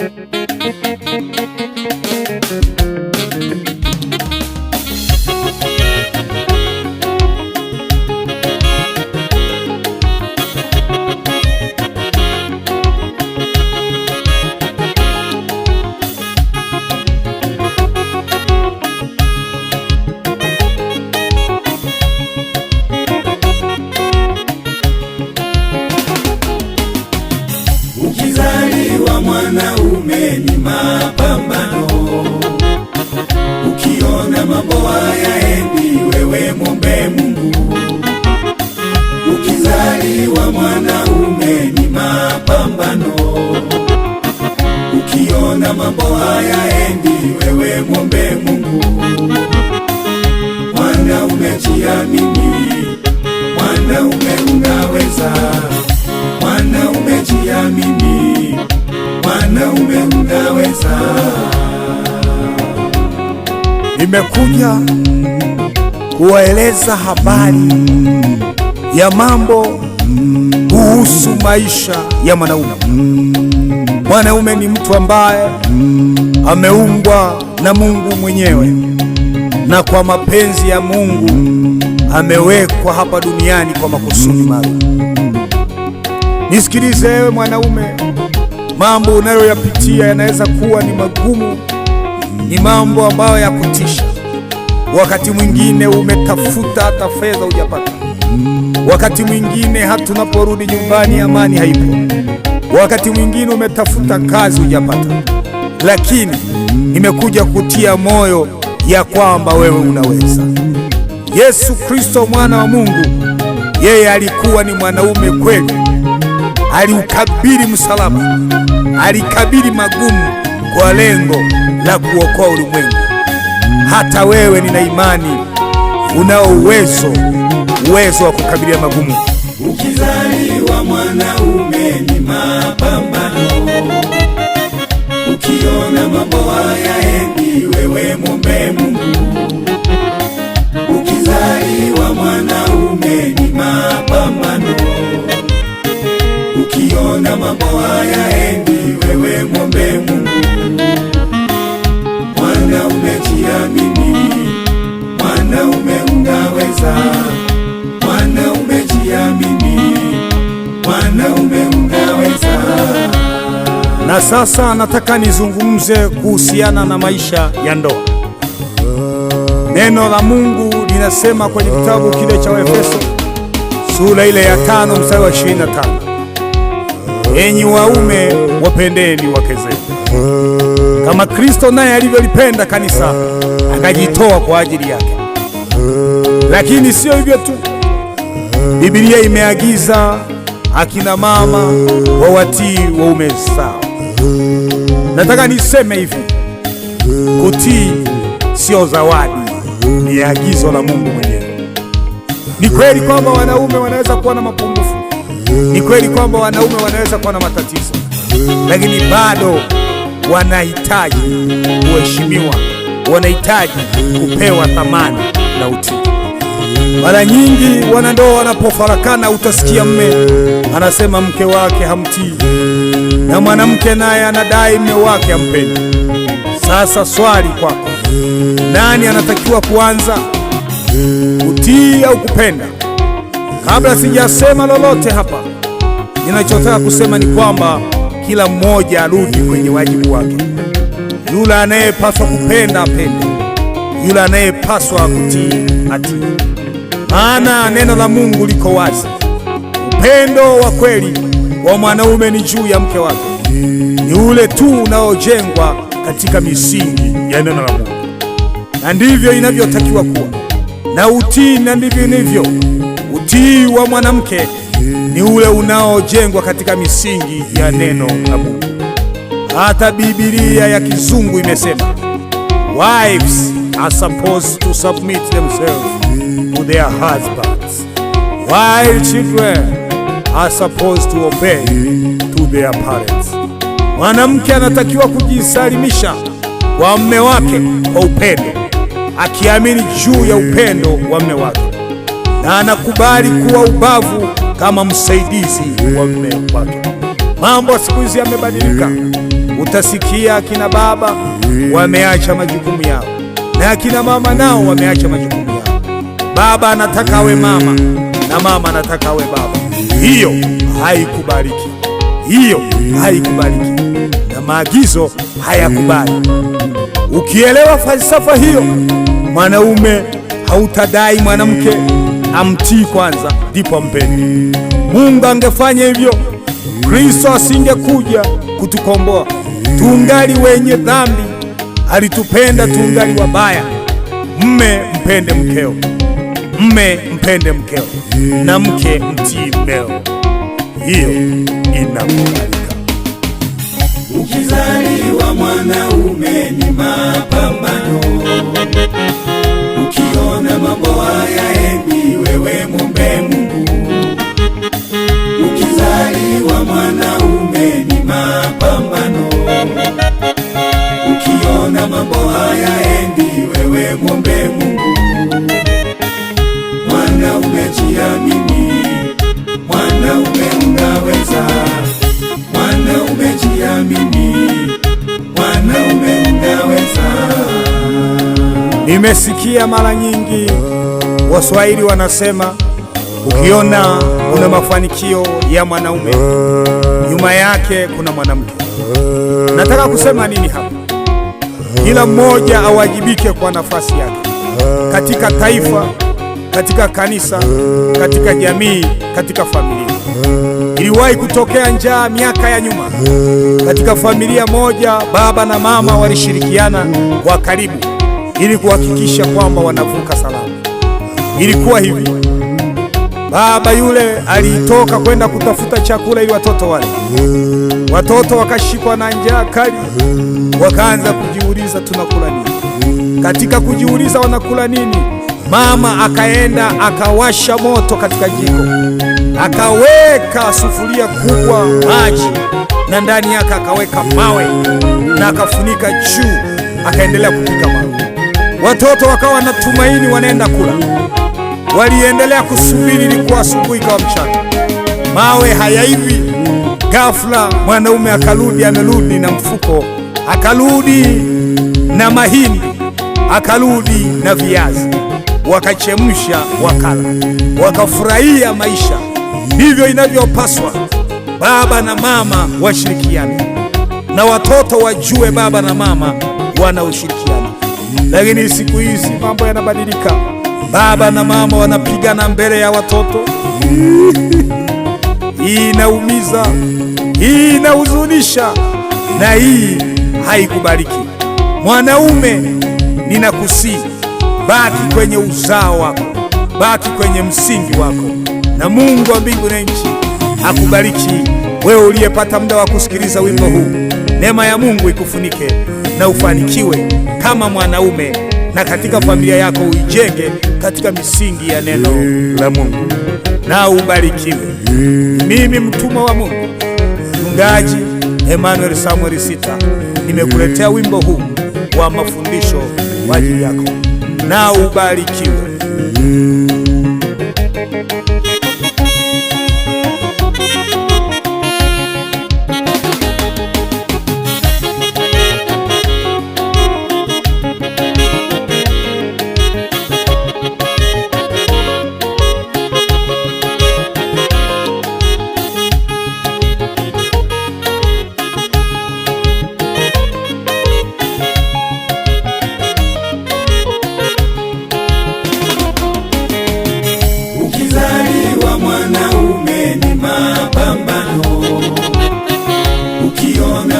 Thank you. mapambano. Ukiona mambo haya endi wewe mwombe Mungu. Mwanaume mwana mwanaume unaweza, mwanaume mwana mwanaume unaweza. Nimekuja kuwaeleza habari ya mambo kuhusu maisha ya mwanaume. Mwanaume ni mtu ambaye ameumbwa na Mungu mwenyewe na kwa mapenzi ya Mungu amewekwa hapa duniani kwa makusudi maalum. Nisikilize ewe mwanaume, mambo unayoyapitia yanaweza kuwa ni magumu, ni mambo ambayo ya kutisha. Wakati mwingine umetafuta hata fedha hujapata Wakati mwingine hata tunaporudi nyumbani amani haipo. Wakati mwingine umetafuta kazi hujapata, lakini nimekuja kutia moyo ya kwamba wewe unaweza. Yesu Kristo mwana wa Mungu, yeye alikuwa ni mwanaume kweli, aliukabili msalaba, alikabili magumu kwa lengo la kuokoa ulimwengu. Hata wewe nina imani unao uwezo uwezo wa kukabilia magumu. Ukizaliwa mwanaume ni mapambano, ukiona mambo haya endi wewe muombe Mungu. Ukizaliwa mwanaume ni mapambano, ukiona mambo Na sasa nataka nizungumze kuhusiana na maisha ya ndoa. Neno la Mungu linasema kwenye kitabu kile cha Waefeso sura ile ya tano mstari wa 25, enyi waume wapendeni wake zenu kama Kristo naye alivyolipenda kanisa akajitoa kwa ajili yake. Lakini sio hivyo tu, Biblia imeagiza akina mama wawatii waume zao. Nataka niseme hivi, kutii sio zawadi, ni agizo la Mungu mwenyewe. Ni kweli kwamba wanaume wanaweza kuwa na mapungufu, ni kweli kwamba wanaume wanaweza kuwa na matatizo, lakini bado wanahitaji kuheshimiwa, wanahitaji kupewa thamani na utii. Mara nyingi wanandoa wanapofarakana, utasikia mme anasema mke wake hamtii na mwanamke naye anadai mume wake ampendi. Sasa swali kwako, nani anatakiwa kuanza, kutii au kupenda? Kabla sijasema lolote hapa, ninachotaka kusema ni kwamba kila mmoja arudi kwenye wajibu wake. Yule anayepaswa kupenda apende, yule anayepaswa kutii atii. Maana neno la Mungu liko wazi, upendo wa kweli wa mwanaume ni juu ya mke wake ni ule tu unaojengwa katika misingi ya neno la Mungu, na ndivyo inavyotakiwa kuwa na utii, na ndivyo inivyo utii wa mwanamke ni ule unaojengwa katika misingi ya neno la Mungu. Hata Biblia ya kizungu imesema wives are supposed to submit themselves to their husbands while children are supposed to obey to their parents. Mwanamke anatakiwa kujisalimisha kwa mume wake kwa upendo, akiamini juu ya upendo wa mume wake na anakubali kuwa ubavu kama msaidizi wa mume wake. Mambo siku hizi yamebadilika. Utasikia akina baba wameacha majukumu yao na akina mama nao wameacha majukumu yao. Baba anataka awe mama na mama nataka awe baba. Hiyo haikubaliki, hiyo haikubaliki na maagizo hayakubali. Ukielewa falsafa hiyo, mwanaume hautadai mwanamke amtii kwanza ndipo mpeni. Mungu angefanya hivyo, Kristo asingekuja kutukomboa tungali wenye dhambi. Alitupenda tungali wabaya. Mme mpende mkeo. Mme mpende mkeo na mke mtii mmeo, hiyo inakubalika. Ukizaliwa mwanaume ni umejiamini, mwanaume unaweza, mwanaume jiamini, mwanaume unaweza. Nimesikia mara nyingi Waswahili wanasema ukiona una mafanikio ya mwanaume nyuma yake kuna mwanamke. Nataka kusema nini hapa? Kila mmoja awajibike kwa nafasi yake katika taifa katika kanisa, katika jamii, katika familia. Iliwahi kutokea njaa miaka ya nyuma. Katika familia moja, baba na mama walishirikiana kwa karibu ili kuhakikisha kwamba wanavuka salama. Ilikuwa hivi, baba yule alitoka kwenda kutafuta chakula ili watoto wale. Watoto wakashikwa na njaa kali, wakaanza kujiuliza tunakula nini? Katika kujiuliza wanakula nini Mama akaenda akawasha moto katika jiko, akaweka sufuria kubwa maji, na ndani yake akaweka mawe na akafunika juu, akaendelea kupika mawe. Watoto wakawa na tumaini wanaenda kula, waliendelea kusubiri, ilikuwa asubuhi kawa mchana, mawe hayaivi. Ghafla mwanaume akarudi, amerudi na mfuko, akarudi na mahindi, akarudi na viazi wakachemsha, wakala, wakafurahia maisha. hivyo inavyopaswa baba na mama washirikiane, na watoto wajue baba na mama wana ushirikiano. Lakini siku hizi mambo yanabadilika, baba na mama wanapigana mbele ya watoto. Hii inaumiza, hii inahuzunisha, na hii haikubaliki. Mwanaume, ninakusihi Baki kwenye uzao wako, baki kwenye msingi wako, na Mungu wa mbingu na nchi akubariki wewe uliyepata muda wa kusikiliza wimbo huu. Neema ya Mungu ikufunike na ufanikiwe kama mwanaume, na katika familia yako uijenge katika misingi ya neno la Mungu, na ubarikiwe. Mimi mtumwa wa Mungu, mchungaji Emmanuel Samuel Sita, nimekuletea wimbo huu wa mafundisho kwa ajili yako na ubarikiwe.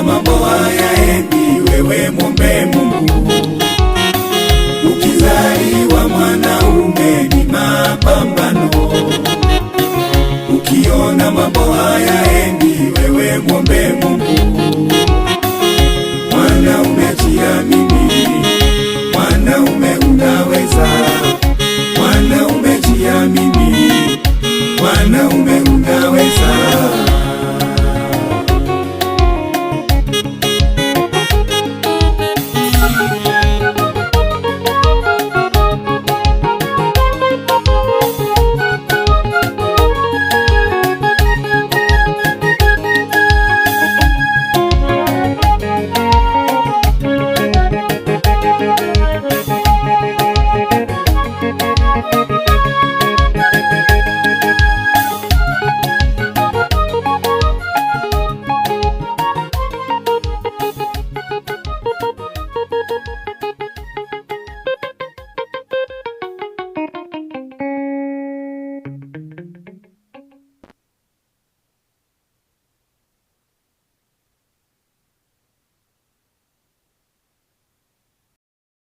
na mambo haya, eti wewe muombe Mungu. Ukizaliwa mwanaume ni mapambano, ukiona mambo haya, eti wewe muombe Mungu. Mwanaume jiamini, mwanaume unaweza, mwanaume jiamini, mwanaume